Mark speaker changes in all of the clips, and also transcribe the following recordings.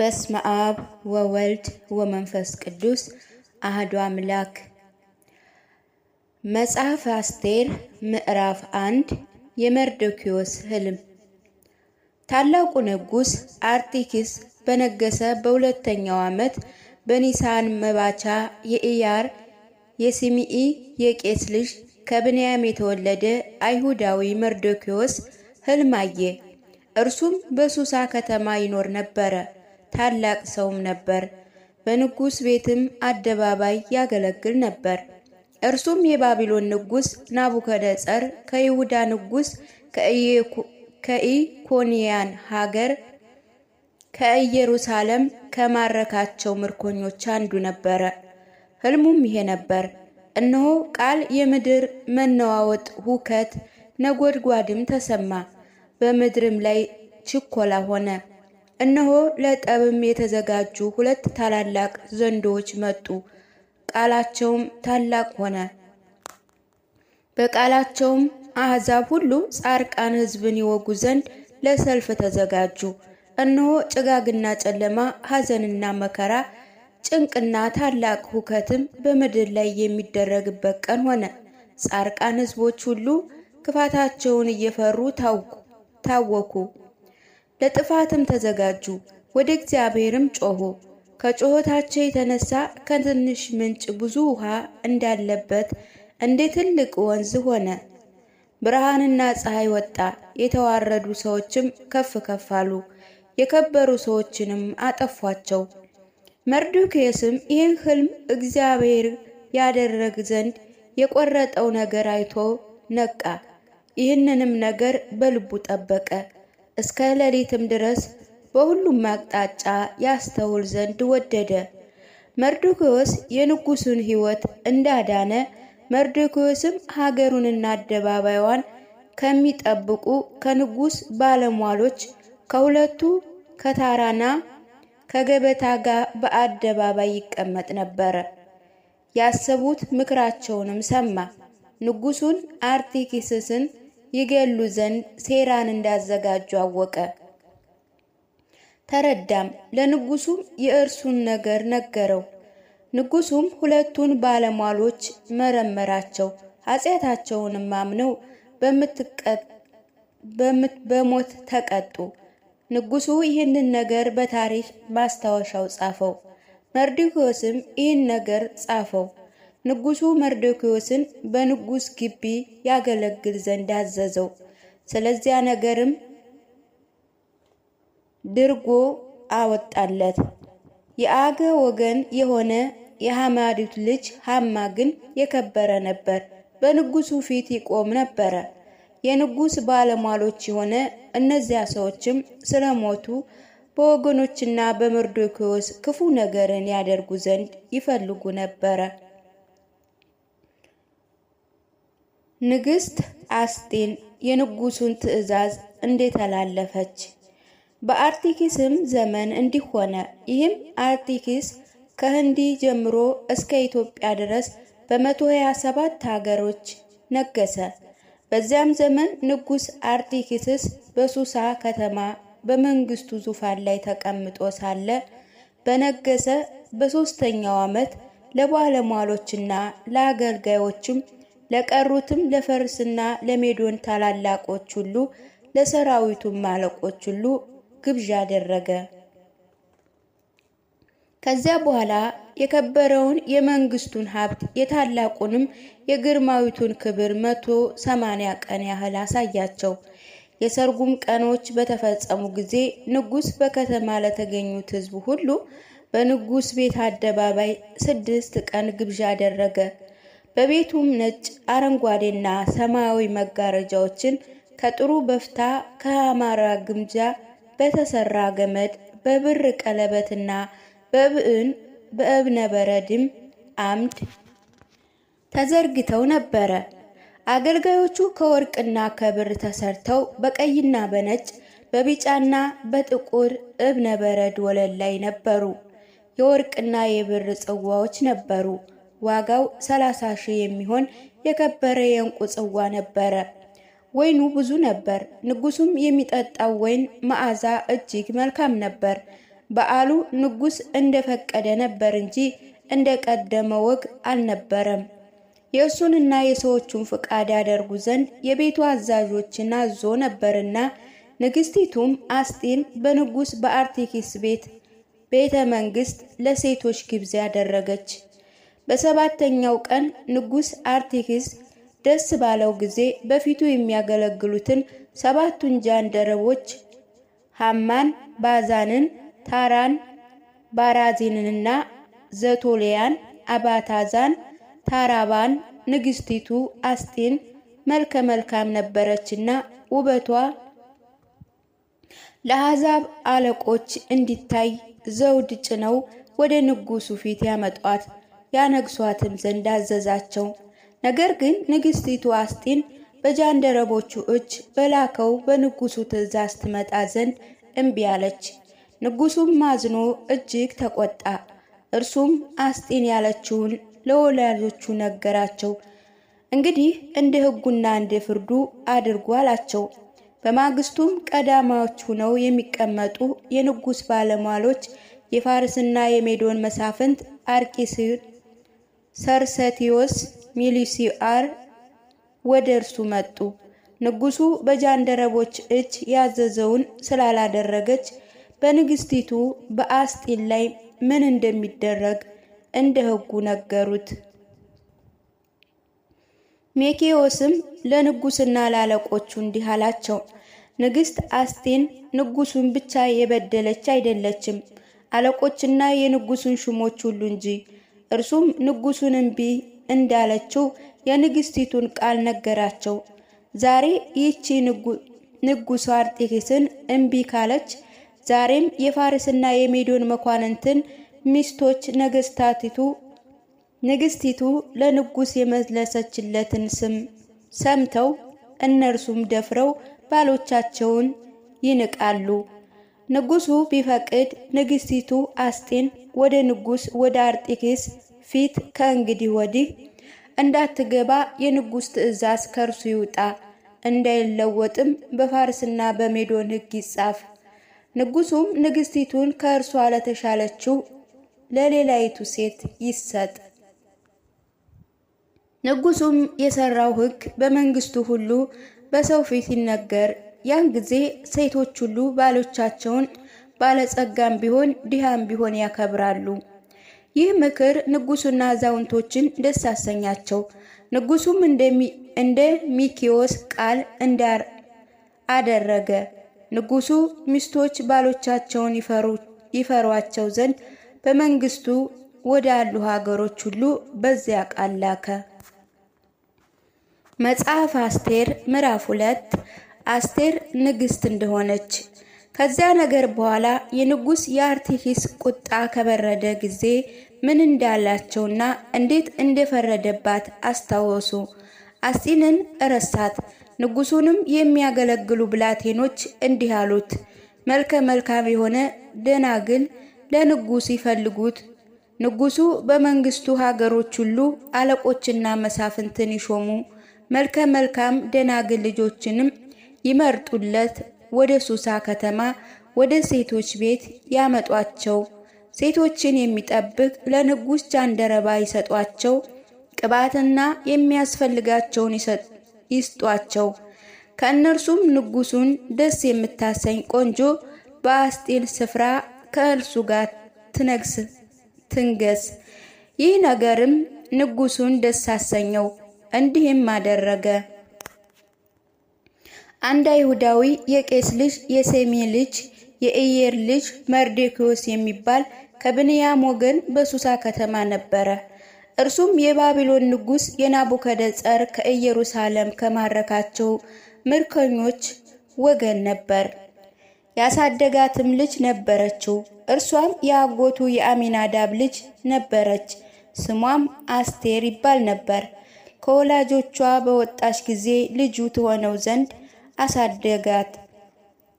Speaker 1: በስመ አብ ወወልድ ወመንፈስ ቅዱስ አህዶ አምላክ። መጽሐፍ አስቴር ምዕራፍ አንድ የመርዶኪዎስ ህልም። ታላቁ ንጉሥ አርቲኪስ በነገሰ በሁለተኛው ዓመት በኒሳን መባቻ የኢያር የሲሚኢ የቄስ ልጅ ከብንያም የተወለደ አይሁዳዊ መርዶኪዎስ ህልም አየ። እርሱም በሱሳ ከተማ ይኖር ነበረ። ታላቅ ሰውም ነበር። በንጉሥ ቤትም አደባባይ ያገለግል ነበር። እርሱም የባቢሎን ንጉሥ ናቡከደጸር ከይሁዳ ንጉሥ ከኢኮንያን ሀገር ከኢየሩሳሌም ከማረካቸው ምርኮኞች አንዱ ነበረ። ሕልሙም ይሄ ነበር። እነሆ ቃል የምድር መነዋወጥ፣ ሁከት፣ ነጎድጓድም ተሰማ። በምድርም ላይ ችኮላ ሆነ። እነሆ ለጠብም የተዘጋጁ ሁለት ታላላቅ ዘንዶዎች መጡ። ቃላቸውም ታላቅ ሆነ። በቃላቸውም አሕዛብ ሁሉ ጻርቃን ሕዝብን ይወጉ ዘንድ ለሰልፍ ተዘጋጁ። እነሆ ጭጋግና ጨለማ፣ ሐዘንና መከራ፣ ጭንቅና ታላቅ ሁከትም በምድር ላይ የሚደረግበት ቀን ሆነ። ጻርቃን ሕዝቦች ሁሉ ክፋታቸውን እየፈሩ ታወኩ። ለጥፋትም ተዘጋጁ። ወደ እግዚአብሔርም ጮኹ። ከጮኸታቸው የተነሳ ከትንሽ ምንጭ ብዙ ውሃ እንዳለበት እንደ ትልቅ ወንዝ ሆነ። ብርሃንና ፀሐይ ወጣ። የተዋረዱ ሰዎችም ከፍ ከፍ አሉ። የከበሩ ሰዎችንም አጠፏቸው። መርዶክዮስም ይህን ሕልም እግዚአብሔር ያደረግ ዘንድ የቆረጠው ነገር አይቶ ነቃ። ይህንንም ነገር በልቡ ጠበቀ። እስከ ሌሊትም ድረስ በሁሉም አቅጣጫ ያስተውል ዘንድ ወደደ። መርዶክዮስ የንጉሱን ሕይወት እንዳዳነ መርዶክዮስም ሀገሩንና አደባባይዋን ከሚጠብቁ ከንጉስ ባለሟሎች ከሁለቱ ከታራና ከገበታ ጋር በአደባባይ ይቀመጥ ነበረ። ያሰቡት ምክራቸውንም ሰማ። ንጉሱን አርቲኪስስን! ይገሉ ዘንድ ሴራን እንዳዘጋጁ አወቀ። ተረዳም። ለንጉሱም የእርሱን ነገር ነገረው። ንጉሱም ሁለቱን ባለሟሎች መረመራቸው። ኃጢአታቸውንም አምነው በሞት ተቀጡ። ንጉሱ ይህንን ነገር በታሪክ ማስታወሻው ጻፈው። መርዲኮስም ይህን ነገር ጻፈው። ንጉሱ መርዶክዮስን በንጉስ ግቢ ያገለግል ዘንድ አዘዘው። ስለዚያ ነገርም ድርጎ አወጣለት። የአገ ወገን የሆነ የሐማዱት ልጅ ሐማ ግን የከበረ ነበር፣ በንጉሱ ፊት ይቆም ነበረ። የንጉስ ባለሟሎች የሆነ እነዚያ ሰዎችም ስለሞቱ በወገኖችና በመርዶክዮስ ክፉ ነገርን ያደርጉ ዘንድ ይፈልጉ ነበረ። ንግስት አስጢን የንጉሱን ትዕዛዝ እንደተላለፈች። በአርቲክስም ዘመን እንዲሆነ ይህም አርቲኪስ ከህንዲ ጀምሮ እስከ ኢትዮጵያ ድረስ በመቶ ሀያ ሰባት ሀገሮች ነገሰ። በዚያም ዘመን ንጉስ አርቲኪስስ በሱሳ ከተማ በመንግስቱ ዙፋን ላይ ተቀምጦ ሳለ በነገሰ በሶስተኛው ዓመት ለባለሟሎችና ለአገልጋዮችም ለቀሩትም ለፈርስና ለሜዶን ታላላቆች ሁሉ ለሰራዊቱም አለቆች ሁሉ ግብዣ አደረገ። ከዚያ በኋላ የከበረውን የመንግስቱን ሀብት የታላቁንም የግርማዊቱን ክብር መቶ ሰማንያ ቀን ያህል አሳያቸው። የሰርጉም ቀኖች በተፈጸሙ ጊዜ ንጉሥ በከተማ ለተገኙት ሕዝብ ሁሉ በንጉስ ቤት አደባባይ ስድስት ቀን ግብዣ አደረገ። በቤቱም ነጭ አረንጓዴና ሰማያዊ መጋረጃዎችን ከጥሩ በፍታ ከአማራ ግምጃ በተሰራ ገመድ በብር ቀለበትና በብዕን በእብነ በረድም አምድ ተዘርግተው ነበረ። አገልጋዮቹ ከወርቅና ከብር ተሰርተው በቀይና በነጭ በቢጫና በጥቁር እብነ በረድ ወለል ላይ ነበሩ። የወርቅና የብር ጽዋዎች ነበሩ። ዋጋው ሰላሳ ሺህ የሚሆን የከበረ የእንቁ ጽዋ ነበረ። ወይኑ ብዙ ነበር። ንጉሱም የሚጠጣው ወይን መዓዛ እጅግ መልካም ነበር። በዓሉ ንጉስ እንደፈቀደ ነበር እንጂ እንደቀደመ ወግ አልነበረም። የእሱንና የሰዎቹን ፍቃድ ያደርጉ ዘንድ የቤቱ አዛዦችን አዞ ነበርና ንግስቲቱም አስጢን በንጉስ በአርቴኪስ ቤት ቤተ መንግስት ለሴቶች ግብዣ ያደረገች። በሰባተኛው ቀን ንጉስ አርቲክስ ደስ ባለው ጊዜ በፊቱ የሚያገለግሉትን ሰባቱን ጃንደረቦች ሃማን፣ ባዛንን፣ ታራን፣ ባራዚንንና ዘቶሊያን፣ አባታዛን፣ ታራባን፣ ንግስቲቱ አስጢን መልከ መልካም ነበረችና ውበቷ ለአሕዛብ አለቆች እንዲታይ ዘውድ ጭነው ወደ ንጉሱ ፊት ያመጧት። ያነግሷትም ዘንድ አዘዛቸው። ነገር ግን ንግሥቲቱ አስጢን በጃንደረቦቹ እጅ በላከው በንጉሱ ትእዛዝ ትመጣ ዘንድ እምቢ አለች። ንጉሱም ማዝኖ እጅግ ተቆጣ። እርሱም አስጢን ያለችውን ለወላጆቹ ነገራቸው። እንግዲህ እንደ ሕጉና እንደ ፍርዱ አድርጉ አላቸው። በማግስቱም ቀዳማዎች ሆነው የሚቀመጡ የንጉሥ ባለሟሎች የፋርስና የሜዶን መሳፍንት አርቂስን ሰርሰቲዮስ ሚሊሲአር ወደ እርሱ መጡ። ንጉሱ በጃንደረቦች እጅ ያዘዘውን ስላላደረገች በንግስቲቱ በአስጢን ላይ ምን እንደሚደረግ እንደ ህጉ ነገሩት። ሜኬዎስም ለንጉስና ላለቆቹ እንዲህ አላቸው፣ ንግስት አስጢን ንጉሱን ብቻ የበደለች አይደለችም፣ አለቆችና የንጉሱን ሹሞች ሁሉ እንጂ እርሱም ንጉሱን እምቢ እንዳለችው የንግስቲቱን ቃል ነገራቸው። ዛሬ ይህቺ ንጉሱ አርጤክስን እምቢ ካለች ዛሬም የፋርስና የሜዶን መኳንንትን ሚስቶች ነገስታቲቱ ንግስቲቱ ለንጉስ የመለሰችለትን ስም ሰምተው እነርሱም ደፍረው ባሎቻቸውን ይንቃሉ። ንጉሱ ቢፈቅድ ንግስቲቱ አስጢን ወደ ንጉስ ወደ አርጢክስ ፊት ከእንግዲህ ወዲህ እንዳትገባ የንጉስ ትእዛዝ ከእርሱ ይውጣ እንዳይለወጥም በፋርስና በሜዶን ህግ ይጻፍ። ንጉሱም ንግስቲቱን ከእርሷ ለተሻለችው ለሌላይቱ ሴት ይሰጥ። ንጉሱም የሰራው ህግ በመንግስቱ ሁሉ በሰው ፊት ይነገር ያን ጊዜ ሴቶች ሁሉ ባሎቻቸውን ባለጸጋም ቢሆን ድሃም ቢሆን ያከብራሉ። ይህ ምክር ንጉሱና አዛውንቶችን ደስ አሰኛቸው። ንጉሱም እንደ ሚኪዮስ ቃል እንዳር አደረገ። ንጉሱ ሚስቶች ባሎቻቸውን ይፈሯቸው ዘንድ በመንግስቱ ወዳሉ ሀገሮች ሁሉ በዚያ ቃል ላከ። መጽሐፍ አስቴር ምዕራፍ ሁለት አስቴር ንግስት እንደሆነች። ከዚያ ነገር በኋላ የንጉስ የአርቴክስ ቁጣ ከበረደ ጊዜ ምን እንዳላቸውና እንዴት እንደፈረደባት አስታወሱ። አስቲንን እረሳት። ንጉሱንም የሚያገለግሉ ብላቴኖች እንዲህ አሉት፣ መልከ መልካም የሆነ ደናግል ለንጉስ ይፈልጉት። ንጉሱ በመንግስቱ ሀገሮች ሁሉ አለቆችና መሳፍንትን ይሾሙ። መልከ መልካም ደናግል ልጆችንም ይመርጡለት ወደ ሱሳ ከተማ ወደ ሴቶች ቤት ያመጧቸው። ሴቶችን የሚጠብቅ ለንጉሥ ጃንደረባ ይሰጧቸው። ቅባትና የሚያስፈልጋቸውን ይስጧቸው። ከእነርሱም ንጉሱን ደስ የምታሰኝ ቆንጆ በአስጢን ስፍራ ከእርሱ ጋር ትነግስ ትንገስ። ይህ ነገርም ንጉሱን ደስ አሰኘው። እንዲህም አደረገ። አንድ አይሁዳዊ የቄስ ልጅ የሴሜ ልጅ የኢየር ልጅ መርዴኪዎስ የሚባል ከብንያም ወገን በሱሳ ከተማ ነበረ። እርሱም የባቢሎን ንጉሥ የናቡከደጸር ከኢየሩሳሌም ከማረካቸው ምርኮኞች ወገን ነበር። ያሳደጋትም ልጅ ነበረችው። እርሷም የአጎቱ የአሚናዳብ ልጅ ነበረች። ስሟም አስቴር ይባል ነበር። ከወላጆቿ በወጣች ጊዜ ልጁ ትሆነው ዘንድ አሳደጋት።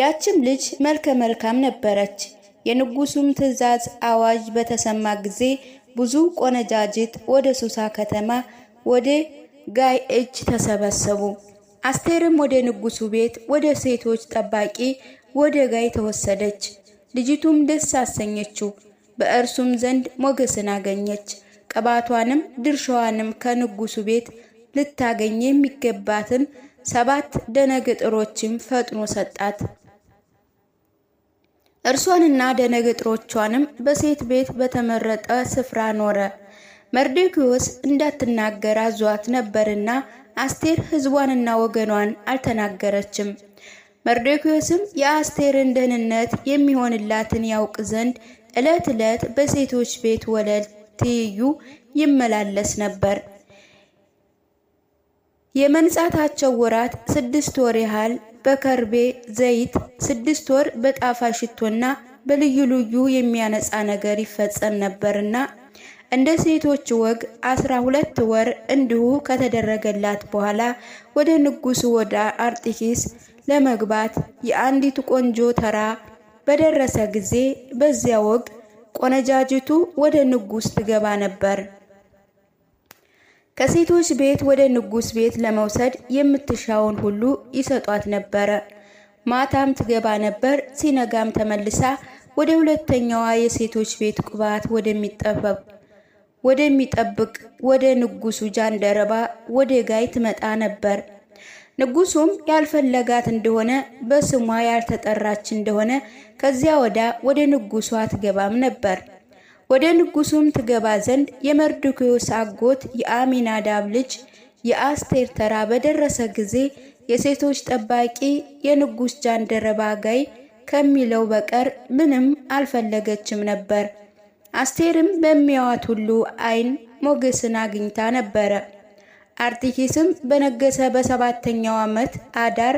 Speaker 1: ያችም ልጅ መልከ መልካም ነበረች። የንጉሱም ትእዛዝ አዋጅ በተሰማ ጊዜ ብዙ ቆነጃጅት ወደ ሱሳ ከተማ ወደ ጋይ እጅ ተሰበሰቡ። አስቴርም ወደ ንጉሱ ቤት ወደ ሴቶች ጠባቂ ወደ ጋይ ተወሰደች። ልጅቱም ደስ አሰኘችው፣ በእርሱም ዘንድ ሞገስን አገኘች። ቅባቷንም ድርሻዋንም ከንጉሱ ቤት ልታገኝ የሚገባትን ሰባት ደነግጥሮችም ፈጥኖ ሰጣት። እርሷንና ደነግጥሮቿንም በሴት ቤት በተመረጠ ስፍራ ኖረ። መርዶክዮስ እንዳትናገር አዟት ነበርና አስቴር ሕዝቧንና ወገኗን አልተናገረችም። መርዶክዮስም የአስቴርን ደህንነት የሚሆንላትን ያውቅ ዘንድ ዕለት ዕለት በሴቶች ቤት ወለል ትይዩ ይመላለስ ነበር። የመንጻታቸው ወራት ስድስት ወር ያህል በከርቤ ዘይት፣ ስድስት ወር በጣፋ ሽቶና በልዩ ልዩ የሚያነጻ ነገር ይፈጸም ነበርና እንደ ሴቶች ወግ አስራ ሁለት ወር እንዲሁ ከተደረገላት በኋላ ወደ ንጉሱ ወደ አርጢኪስ ለመግባት የአንዲት ቆንጆ ተራ በደረሰ ጊዜ በዚያ ወግ ቆነጃጅቱ ወደ ንጉስ ትገባ ነበር። ከሴቶች ቤት ወደ ንጉሥ ቤት ለመውሰድ የምትሻውን ሁሉ ይሰጧት ነበረ። ማታም ትገባ ነበር። ሲነጋም ተመልሳ ወደ ሁለተኛዋ የሴቶች ቤት ቁባት ወደሚጠበብ ወደሚጠብቅ ወደ ንጉሱ ጃንደረባ ወደ ጋይ ትመጣ ነበር። ንጉሱም ያልፈለጋት እንደሆነ በስሟ ያልተጠራች እንደሆነ ከዚያ ወዳ ወደ ንጉሱ አትገባም ነበር። ወደ ንጉሱም ትገባ ዘንድ የመርዶክዮስ አጎት የአሚናዳብ ልጅ የአስቴር ተራ በደረሰ ጊዜ የሴቶች ጠባቂ የንጉስ ጃንደረባ ጋይ ከሚለው በቀር ምንም አልፈለገችም ነበር። አስቴርም በሚያዋት ሁሉ አይን ሞገስን አግኝታ ነበረ። አርጢኪስም በነገሰ በሰባተኛው ዓመት አዳር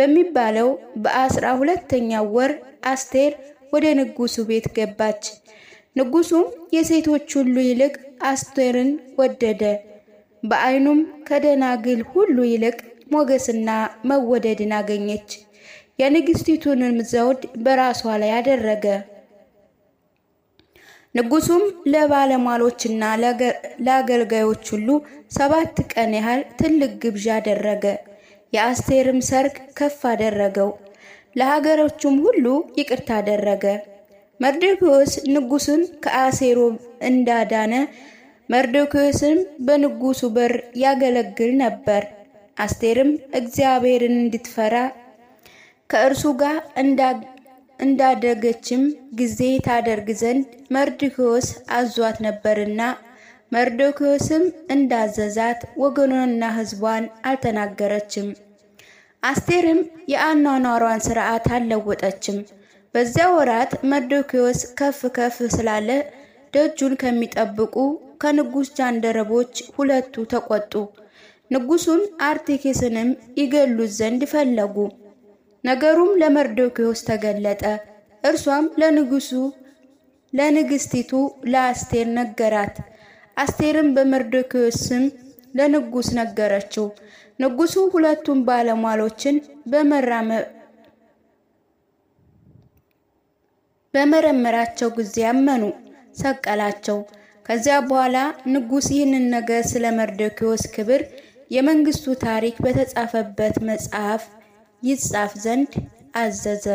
Speaker 1: በሚባለው በአስራ ሁለተኛው ወር አስቴር ወደ ንጉሱ ቤት ገባች። ንጉሱም የሴቶች ሁሉ ይልቅ አስቴርን ወደደ። በዓይኑም ከደናግል ሁሉ ይልቅ ሞገስና መወደድን አገኘች። የንግሥቲቱንም ዘውድ በራሷ ላይ አደረገ። ንጉሱም ለባለሟሎችና ለአገልጋዮች ሁሉ ሰባት ቀን ያህል ትልቅ ግብዣ አደረገ። የአስቴርም ሰርግ ከፍ አደረገው። ለሀገሮቹም ሁሉ ይቅርታ አደረገ። መርዶክዮስ ንጉስን ከአሴሮ እንዳዳነ መርዶክዮስም በንጉሱ በር ያገለግል ነበር። አስቴርም እግዚአብሔርን እንድትፈራ ከእርሱ ጋር እንዳደገችም ጊዜ ታደርግ ዘንድ መርዶክዮስ አዟት ነበርና መርዶክዮስም እንዳዘዛት ወገኑንና ሕዝቧን አልተናገረችም። አስቴርም የአኗኗሯን ስርዓት አልለወጠችም። በዚያ ወራት መርዶክዮስ ከፍ ከፍ ስላለ ደጁን ከሚጠብቁ ከንጉስ ጃንደረቦች ሁለቱ ተቆጡ። ንጉሱን አርቴኬስንም ይገሉት ዘንድ ፈለጉ። ነገሩም ለመርዶክዮስ ተገለጠ። እርሷም ለንጉሱ ለንግስቲቱ ለአስቴር ነገራት። አስቴርም በመርዶክዮስ ስም ነገረችው። ንጉሱ ሁለቱን ባለሟሎችን በመረመራቸው ጊዜ አመኑ፣ ሰቀላቸው። ከዚያ በኋላ ንጉሥ ይህንን ነገር ስለ መርዶኪዎስ ክብር የመንግስቱ ታሪክ በተጻፈበት መጽሐፍ ይጻፍ ዘንድ አዘዘ።